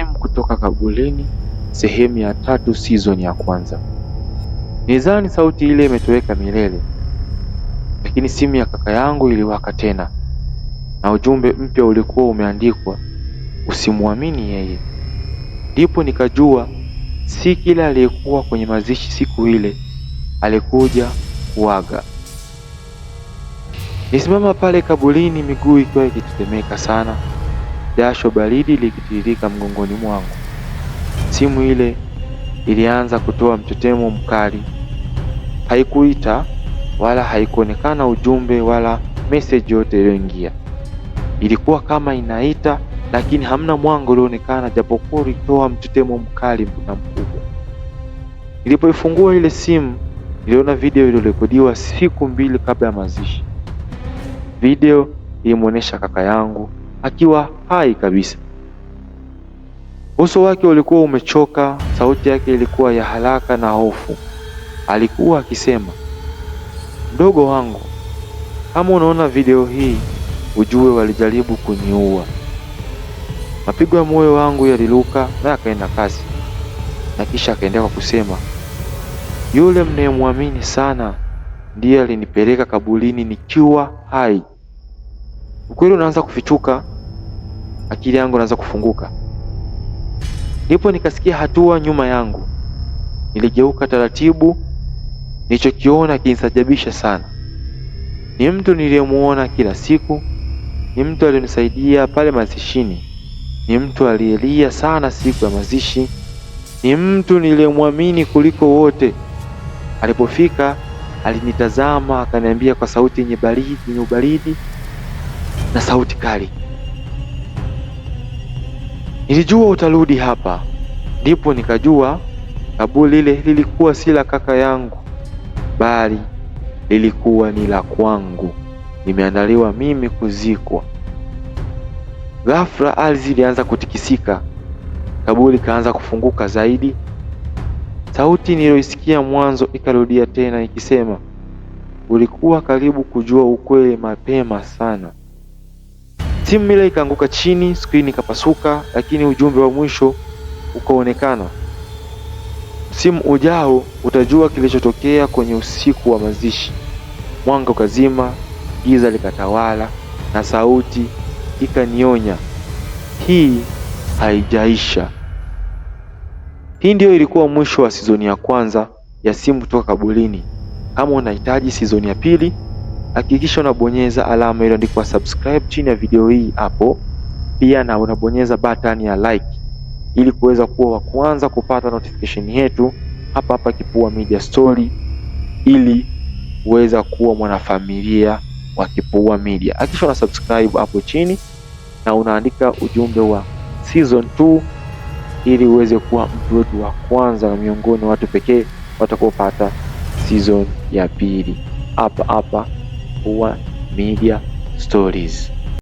Sehemu kutoka Kaburini sehemu ya tatu sizoni ya kwanza. Nidhani sauti ile imetoweka milele, lakini simu ya kaka yangu iliwaka tena, na ujumbe mpya ulikuwa umeandikwa, usimwamini yeye. Ndipo nikajua si kila aliyekuwa kwenye mazishi siku ile alikuja kuaga. Nisimama pale kaburini, miguu ikiwa ikitetemeka sana jasho baridi likitiririka mgongoni mwangu. Simu ile ilianza kutoa mtetemo mkali. Haikuita wala haikuonekana ujumbe wala meseji yote iliyoingia. Ilikuwa kama inaita, lakini hamna mwanga ulioonekana, japokuwa ulitoa mtetemo mkali na mkubwa. Nilipoifungua ile simu, niliona video iliyorekodiwa siku mbili kabla ya mazishi. Video ilimwonyesha kaka yangu akiwa hai kabisa. Uso wake ulikuwa umechoka, sauti yake ilikuwa ya haraka na hofu. Alikuwa akisema, mdogo wangu, kama unaona video hii ujue walijaribu kuniua. Mapigo ya moyo wangu yaliruka na yakaenda kasi, na kisha akaendelea kwa kusema, yule mnayemwamini sana ndiye alinipeleka kaburini nikiwa hai. Ukweli unaanza kufichuka akili yangu inaanza kufunguka. Ndipo nikasikia hatua nyuma yangu, niligeuka taratibu. Nilichokiona kinisajabisha sana. Ni mtu niliyemuona kila siku, ni mtu aliyenisaidia pale mazishini, ni mtu aliyelia sana siku ya mazishi, ni mtu niliyemwamini kuliko wote. Alipofika alinitazama, akaniambia kwa sauti yenye baridi, yenye ubaridi na sauti kali Nilijua utarudi hapa, ndipo nikajua kaburi lile lilikuwa si la kaka yangu, bali lilikuwa ni la kwangu, nimeandaliwa mimi kuzikwa. Ghafla ardhi ilianza kutikisika, kaburi ikaanza kufunguka zaidi. Sauti niliyoisikia mwanzo ikarudia tena ikisema, ulikuwa karibu kujua ukweli mapema sana. Simu ile ikaanguka chini, skrini ikapasuka, lakini ujumbe wa mwisho ukaonekana: msimu ujao utajua kilichotokea kwenye usiku wa mazishi. Mwanga ukazima, giza likatawala, na sauti ikanionya, hii haijaisha. Hii ndiyo ilikuwa mwisho wa sizoni ya kwanza ya Simu Kutoka Kaburini. Kama unahitaji sizoni ya pili hakikisha unabonyeza alama iliyoandikwa subscribe chini ya video hii hapo, pia na unabonyeza button ya like ili kuweza kuwa wa kwanza kupata notification yetu hapa hapa Kipua Media Story, ili kuweza kuwa mwanafamilia wa Kipua Media. Hakikisha una subscribe hapo chini na unaandika ujumbe wa season 2 ili uweze kuwa mtu wetu wa kwanza na miongoni watu pekee watakaopata season ya pili hapa hapa huwa media stories